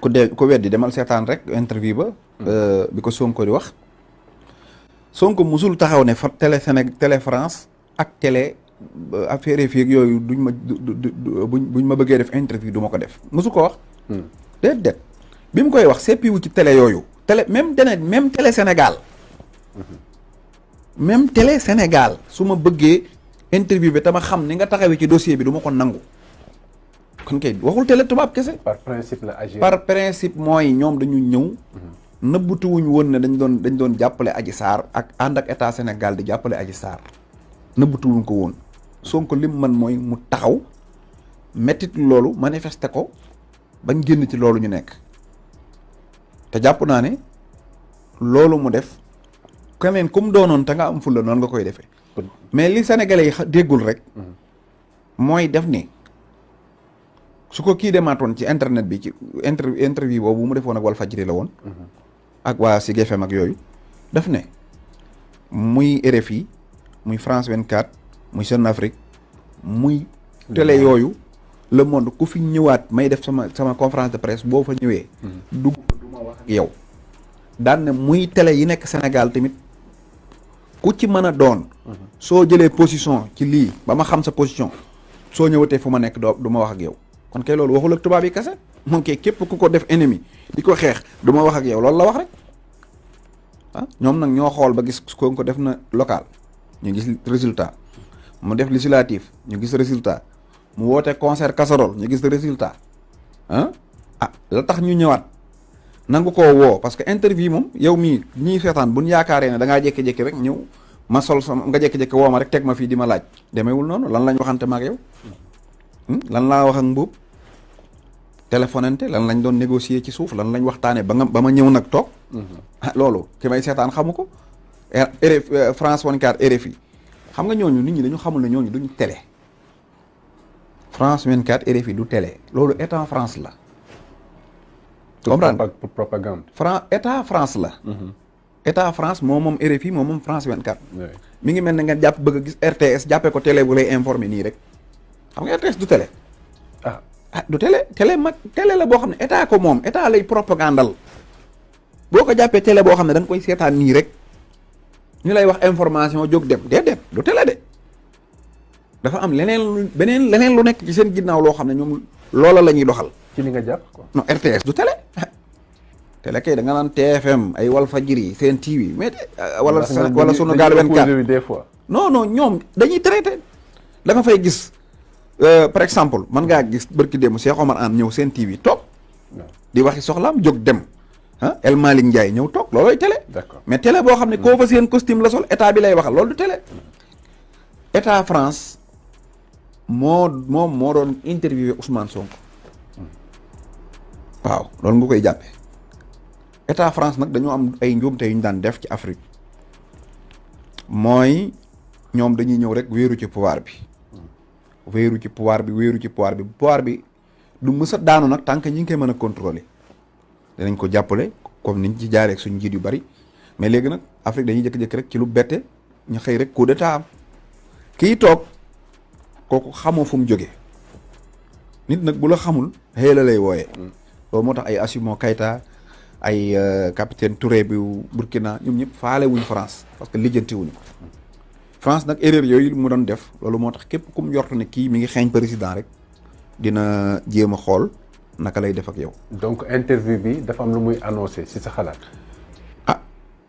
ku dee ku weddi demal seetaan rek interview ba. Hmm. Euh, bi ko Sonko di wax. Sonko musul taxaw ne fa télé Sénégal télé France ak télé euh, affaire fii ak yooyu duñ ma buñ buñ ma bëggee def interview du ma ko def musu ko wax. Hmm. déedéet bi mu koy wax seppiwu ci télé yooyu. télé même télé même télé Sénégal. Hmm. même télé Sénégal su ma bëggee interview bi tama xam ni nga taxawee ci dossier bi du ko nangu. kon kay waxul télé tubaab kese. par principe la agir par principe mooy ñoom dañu ñëw. Mhm. nëbbutuwuñ woon ne dañ doon dañ doon jàppale Adji saar ak ànd ak état Sénégal di jàppale Adji Sarr nëbbutuwuñ ko woon Sonko lim man mooy mu taxaw mettit loolu manifester ko bañ génn ci loolu ñu nekk te jàpp naa ne loolu mu def quand même comme doonoon te nga am fulla noonu nga koy defee mais li Sénégalais yi déggul rek mhm. mooy def ni suko ki dematon ci internet bi ci inter interview bobu mu defone ak fajri la won mhm. ak wa ci gfm ak yoyu daf ne muy RFI muy France 24 muy Jeune Afrique muy. télé yoyu le monde ku fi ñëwaat may def sama sama conférence de presse bo fa ñëwee. Mhm. du ma wax ak yow. dan ne muy télé yi nek Sénégal tamit ku ci mën doon. Mhm. so jëlé position ci li ba ma xam sa position so ñëwatee fuma nek nekk ma wax ak yow kon kay lolou waxul ak tuba bi kasse mon kay kep kuko ko def ennemi di ko duma wax ak yow lolou la wax rek ah ñom nak ño xol ba gis ko ko def na local ñu gis resultat mu def législatif ñu gis resultat mu wote concert casserole ñu gis resultat ah ah la tax ñu ñewat nang ko wo parce que interview mom yow mi ñi seetaan buñ ñu yaakaaree da nga jékki-jékki rek ñew ma sol sama nga jékki ma rek tek ma fi di ma laaj demeewul non lan lañ waxante ma ak yow. Hmm? lan laa wax ak mbuub téléphonante lan lañ doon négocier ci suuf lan lañ waxtaanee ba nga ba ma ñëw nag toog. Mhm. Ah, loolu ki may seetaan xamu ko. Er, RF euh, France 24 RFI xam nga ñooñu nit ñi dañu xamu ne ñooñu duñu télé. France 24 RFI du télé loolu état France la. comprendre France la. Mhm. état France moo moom RFI moo moom France 24. mi ngi mel ne nga jàpp bëgg gis RTS jàppee ko télé bu lay informer nii rek. xam nga RTS du télé. Ah. Ah, du télé télé mag télé boo xam ne état ko moom état lay propagandal boo ko jàppee télé boo xam ne da koy seetaan nii rek ñu lay wax information jóg dem déedéet du télé de am leneen lu beneen leneen lu nekk ci seen ginnaaw loo xam ne ñoom loola la ñuy doxal. ci li nga RTS du télé. télé kay da nga naan TFM ay Walfadjri seen TV mais. Euh, wala wala sunu gaal 24 des fois. non ñoom dañuy traité da fay gis. Euh, par exemple man ngaa gis barki démb Cheikh Omar Anne ñëw seen TV toog di waxi soxlaam jog dem ah El Malick Ndiaye ñëw toog loolooy télé. d'accord mais boo xam ne koo fa seen costume la sol état bi lay waxal loolu du télé. état France moo moo doon interviewé Ousmane Sonko mm. waaw loolu nga koy jàppee état France nag dañoo am ay njuumte yu ñu daan def ci Afrique mooy ñoom dañuy ñëw rek wéeru ci pouvoir bi. wéeru ci pouvoir bi wéeru ci pouvoir bi pouvoir bi du mës a daanu nag tant que ngi koy mën a contrôler danañ ko jàppale comme niñ ci jaaree ak njiit yu bari mais léegi nag Afrique dañuy jëkk-jëkk rek ci lu bette ñu xëy rek coup d'état am kii toog kooku xamoo fu mu jógee nit nag bu la xamul xëy la lay wooyee mm. loolu moo tax ay Assimi Goïta ay euh, capitaine Touré bi Burkina ñoom ñëpp faale wuñ France parce que lijjanti wuñu ko mm. France nag erreur yooyu mu doon def loolu moo tax képp ku mu yortu ne kii mu ngi xeeñ président rek dina jéem a xool naka lay def ak yow. donc interview bi dafa am lu muy annoncé ci sa xalaat. ah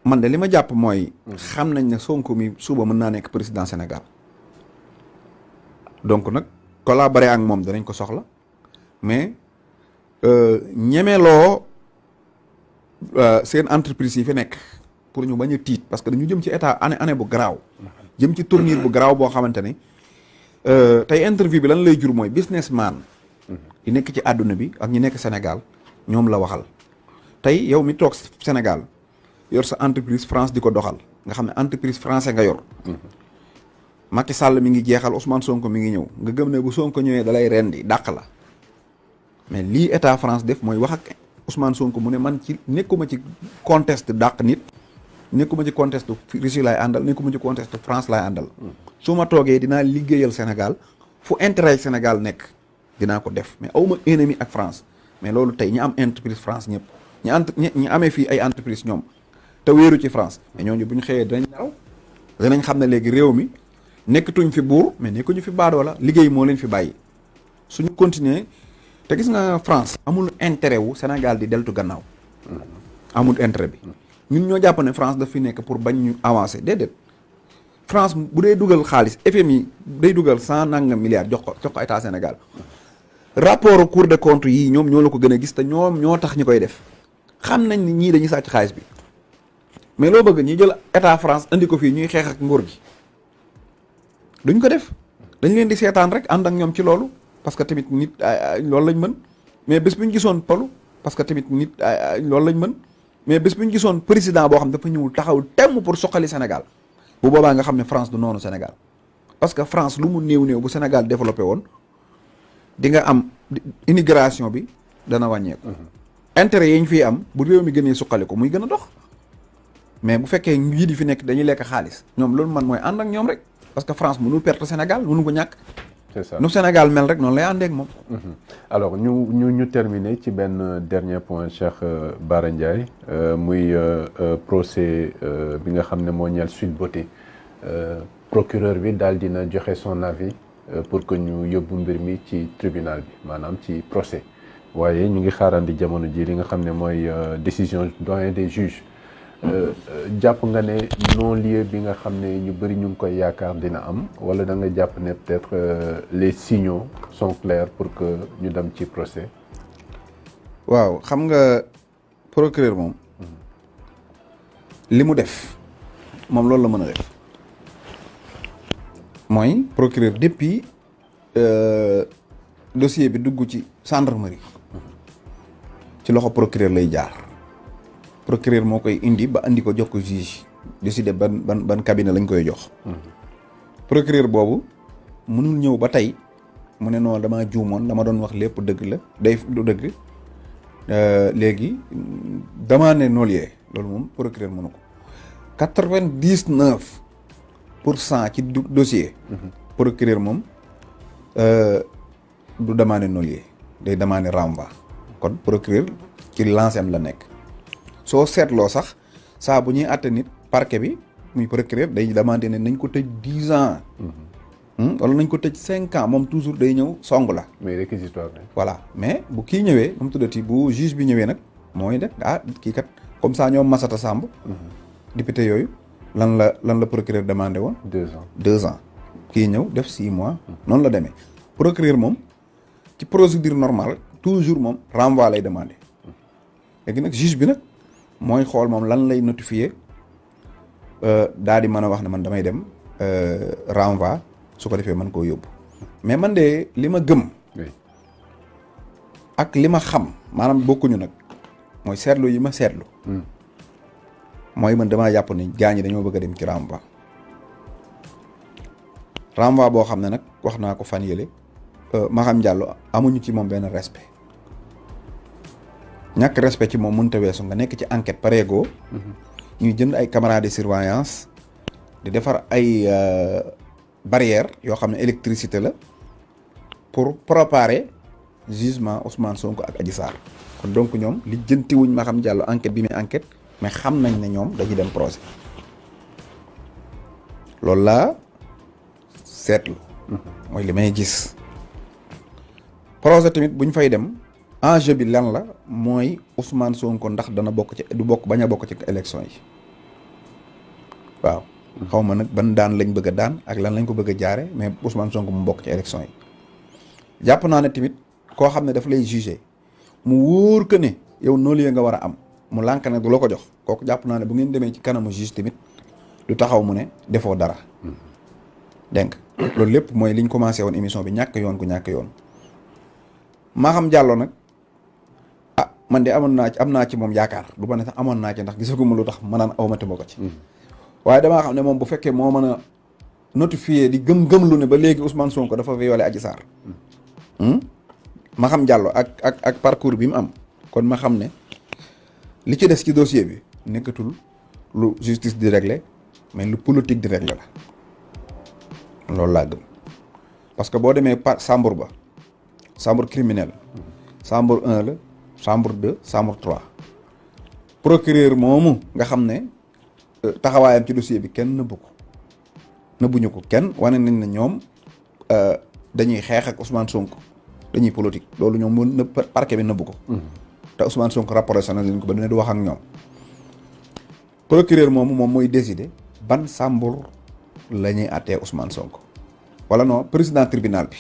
man de li ma jàpp mooy. Mhm. xam nañ ne sonk mi suba mën naa nekk président Sénégal donc nag kolaa collaborer ak moom danañ ko soxla mais euh, ñemeloo euh, seen entreprise yi fi nekk. pour ñu bañ a parce que dañu jëm ci état année année bu graw jëm ci tournir bu graw bo xamante euh tay interview bi lan lay jur moy businessman yi nek ci aduna bi ak ñi nek Sénégal ñom la waxal tay yow mi tok Sénégal yor sa entreprise France diko doxal nga xam entreprise français nga yor Macky Sall mi ngi jéxal Ousmane Sonko mi ngi ñëw nga gëm ne bu Sonko ñëwee dalay rendi dak la mais li état France def moy wax ak Ousmane Sonko mu ne man ci nekkuma ci conteste dak nit nekkuma ci contexte Russie laay àndal nekkuma ci contest France lay andal suma toge dina liggeyal Senegal fu intérêt Senegal nek dina ko def mais awuma ennemi ak France mais lolu tay ñi am entreprise France ñep ñi ñi amé fi ay entreprise ñom te wëru ci France mais ñoñu buñ xeyé dañ naw dañ dinañ xam ne léegi réew mi nekkatuñ fi bour mais nekkuñu fi baadoo la liggey mo leen fi bayyi suñu continuer te gis nga France amul intérêt wu Senegal di deltu gannaaw amul intérêt bi ñun ñoo japp ne France daf fi nekk pour bañ ñu avancer dedet France bu dee dugal xaalis FMI day dugal 100 nangam milliard jox ko jox ko état Sénégal rapport Cour de compte yi ñoom ñoo la ko gën a gis te ñoom ñoo tax ñi koy def xam nañ ni ñii dañuy sàcc xaalis bi mais loo bëgg ñuy jël état France andi ko fii ñuy xeex ak nguur gi duñ ko def dañ leen di seetaan rek ànd ak ñoom ci loolu parce que tamit nit loolu lañ mën mais bés bu ñu gisoon palu parce que tamit nit loolu lañ mën. mais bis bu ñu gisoon président boo xam dafa ñëwul taxaw temm pour suqali Sénégal bu boobaa nga xam ne France du noonu Sénégal parce que France lu mu néew néew bu Sénégal développé woon di nga am immigration bi dana wàññeeku. Mhm. intérêt yi ñu fi am bu réew mi gënee suqali ko muy gën a dox mais bu fekkee yii di fi nekk dañuy lekk xaalis ñoom loolu man mooy ànd ak ñoom rek parce que France mënul perte Sénégal mënu ko ñàkk. c'est ça nu Sénégal mel rek noonu lay àndeek moom. Mhm. alors ñu ñu ñu terminer ci ben dernier point Cheikh euh, Bara Ndiaye euh, muy euh, procès bi nga xam ne moo ñeel Sweet Beauté procureur bi daal dina joxe son avis pour que ñu yóbbu mbir mi ci tribunal bi maanaam ci procès waaye ñu ngi xaarandi jamono ji li nga xam ne décision doyen des juges. Euh, euh, japp nga ne non lieu bi nga xamné ñu bari ñu koy yaakaar dina am wala da nga japp ne peut-être euh, les signaux sont clairs pour que ñu dam ci procès. waaw xam nga procureur mom limu def mom loolu la mëna def mooy procureur depuis dossier bi dugg ci gendarmerie ci loxo procureur lay jaar. procureur mo koy indi ba andi ko jox ko juge décider ban ban ban cabinet lañ koy jox. Hmm. procureur bobu mënul ñew ba tay mune non damaa dama don wax lepp deug la day du deug euh damaa dama né yee loolu mom procureur mënu ko quatre ci dossier. Hmm. procureur euh du demandé nollie day demandé renvoi kon procureur ci lancé la nek so set lo sax sa bu ñuy atté nit parquet bi muy procureur day demandé né nañ ko tej 10 ans. hmm wala nañ ko tej 5 ans mom toujours day ñew song la. mais réquisitoire né voilà mais bu ki ñewé nu mu ti bu juge bi ñewé nak moy def ah ki kat comme ça ñoom Massata Samb. Mm-hmm. député yoyu lan la lan la procureur demandé won 2 ans 2 ans ki ñew def 6 mois. Mm-hmm. non la démé procureur mom ci procédure normale toujours mom renvoi lay demandé mm-hmm. légui nak juge bi nak mooy xool moom lan lay notifié euh, daal di mën a wax na man damay dem euh, renvoi su ko defee mën koo yóbbu mais man de li ma gëm ak li ma xam maanaam bokkuñu nag mooy seetlu yi ma seetlu hmm. mooy man damaa yàpp ni gaañ ñi dañoo bëgg a dem ci renvoi renvoi boo xam ne nag wax naa ko fan yële euh, Maham Diallo amuñu ci moom benn respect ñak respect ci moom mënta wessu nga parego, ci enquête pareego mhm. ñuy jënd ay caméras de surveillance di défar ay euh, barrière yo xamné électricité la pour préparer jugement Ousmane Sonko ak Adji Sarr kon donc ñom li jënti wuñ ma xam jàll enquête bi muy enquête mais xam nañ né ñom dañuy dem procès lool la seetlu moy mhm. limay gis projet tamit buñ fay dem Aja bi lan la moy Ousmane Sonko ndax dana bok ci du bok baña bok ci election yi waaw. xawma nak ban daan lañ bëgg daan ak lan lañ ko bëgg jaaré mais Ousmane Sonko mu bokk ci election yi japp na né timit ko xamné daf lay juger mu woor ke né yow no yee nga wara am mu lank nak du lako jox kooku japp na né bu ngeen démé ci kanam juge timit du taxaw mu né défo dara dégg nga lepp moy liñ commencé won émission bi ñak yoon ku ñak yoon ma xam jallo nak man de amoon naa ci am naa ci moom yaakaar du ma ne sax amoon naa ci ndax gisaguma lu tax ma naan aw ma te ma ko ci. Mm. waaye damaa xam ne moom bu fekkee moo mën a notifié di gëm-gëm lu ne ba léegi Ousmane Sonko dafa violé Adji Sarr. Mm. Hmm? ma xam Diallo ak ak ak parcours bi mu am kon ma xam ne li ci des ci dossier bi nekkatul lu justice di régler mais lu politique di régler la loolu laa gëm parce que boo demee par chambre ba chambre criminelle chambre mm. 1 la. chambre 2 chambre 3 procureur momu nga xam euh, taxawayam ci dossier bi kenn nëbbu ko buñu ko kenn wané nañ na ñom euh dañuy xex ak Ousmane Sonko dañuy politique lolu ñom mën nëbb parquet bi nëbbu ko mm-hmm. ta Ousmane Sonko rapporté sa na leen ko ba dina du wax ak ñom procureur momu mom moy décider ban chambre lañuy ñuy Ousmane Sonko wala non président tribunal bi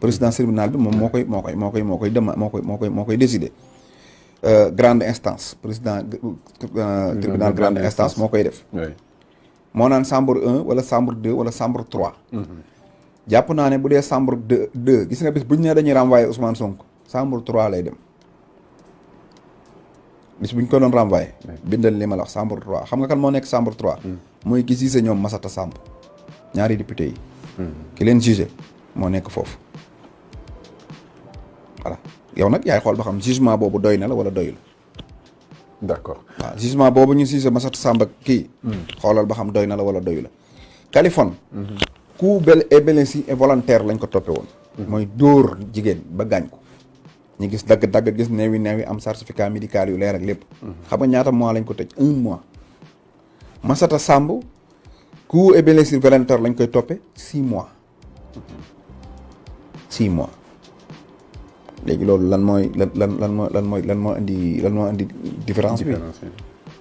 président tribunal bi mom moo koy moo koy dem moo koy moo décider euh grande instance président euh, tribunal grande instance moo koy def mo nan chambre 1 wala chambre 2 wala chambre 3 hmm japp na né dee chambre 2 2 gis nga bis buñ né dañuy renvoyer Ousmane Sonko chambre 3 lay dem bis buñ ko doon renvoyé bindal lima la wax chambre 3 xam nga kan mo nek chambre trois mm. mooy ki ñom massa ta chambre ñaari député yi mm. ki len moo nekk foofu voilà yow nag yaay xool ba xam jugement boobu doy la wala doyul. D'accord. accord waaw jugement boobu ñu si Massatou Samba ki hmm. xoolal ba xam la wala doyu la. Kaliphone. Hmm. coup blessé involontaire lañ ko topi won. Hmm. mooy dóor jigéen ba gaañ ko. ñu gis dagg-dagg gis am certificat médical yu leer ak lépp. xam nga ñaata mois lañ ko tëj un mois. Massata Samb coup blessé involontaire lañ koy six mois. six mois léegi loolu lan mooy lan lan lan moo lan mooy lan moo indi lan moo indi différence bi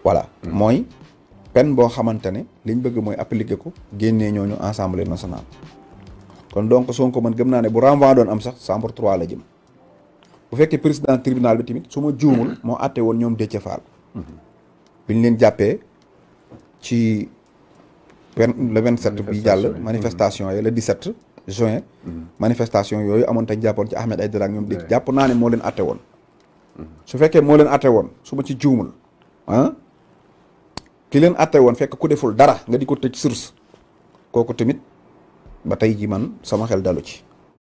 voilà mhm. mooy peine boo xamante ne liñ bëgg mooy appliquer ko génnee ñooñu assemblée national kon donc ko man gëm naa ne bu renvoi doon am sax chambre 3 la jëm bu fekkee président tribunal bi tamit su ma juumul mhm. moo àtte woon ñoom Déthié Fall mhm. biñ leen jàppee ci le 27 bi jàll manifestation yi le 17 juin manifestation yooyu amoon tañ jàppoon ci Ahmed Aïdara ak ñoom di jàpp naa ne moo leen atte woon su fekkee moo leen atte woon su ma ci juumul ah ki leen atte woon fekk ku deful dara nga di ko tëj source kooku tamit ba tey ji man sama xel dalu ci